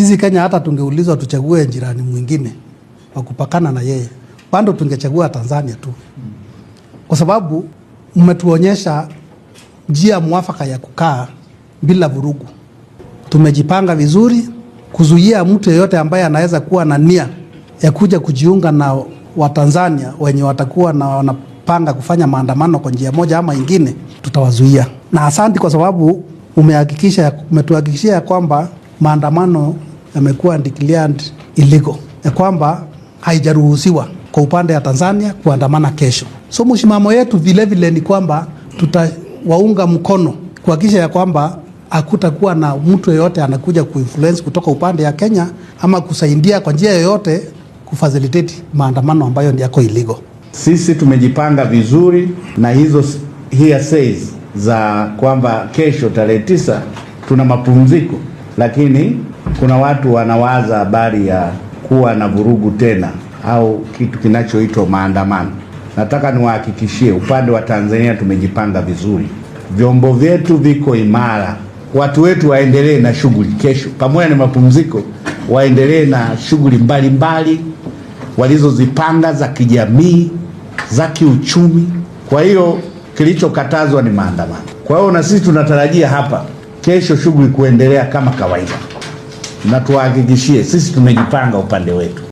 Sisi Kenya hata tungeulizwa tuchague jirani mwingine wa kupakana na yeye, bado tungechagua Tanzania tu, kwa sababu mmetuonyesha njia mwafaka ya kukaa bila vurugu. Tumejipanga vizuri kuzuia mtu yeyote ambaye anaweza kuwa na nia ya kuja kujiunga na Watanzania wenye watakuwa na wanapanga kufanya maandamano kwa njia moja ama ingine, tutawazuia. Na asanti kwa sababu umetuhakikishia ya kwamba maandamano yamekuwa declared illegal, ya kwamba haijaruhusiwa kwa upande ya Tanzania kuandamana kesho. So mshimamo yetu vile vile ni kwamba tutawaunga mkono kuhakikisha ya kwamba hakutakuwa na mtu yeyote anakuja kuinfluence kutoka upande ya Kenya ama kusaidia kwa njia yoyote kufacilitate maandamano ambayo ni yako illegal. Sisi tumejipanga vizuri na hizo hearsays za kwamba kesho tarehe tisa tuna mapumziko, lakini kuna watu wanawaza habari ya kuwa na vurugu tena au kitu kinachoitwa maandamano. Nataka niwahakikishie upande wa Tanzania tumejipanga vizuri, vyombo vyetu viko imara, watu wetu waendelee na shughuli kesho, pamoja na mapumziko, waendelee na shughuli mbalimbali walizozipanga za kijamii, za kiuchumi. Kwa hiyo kilichokatazwa ni maandamano. Kwa hiyo na sisi tunatarajia hapa kesho shughuli kuendelea kama kawaida na tuhakikishie sisi tumejipanga upande wetu.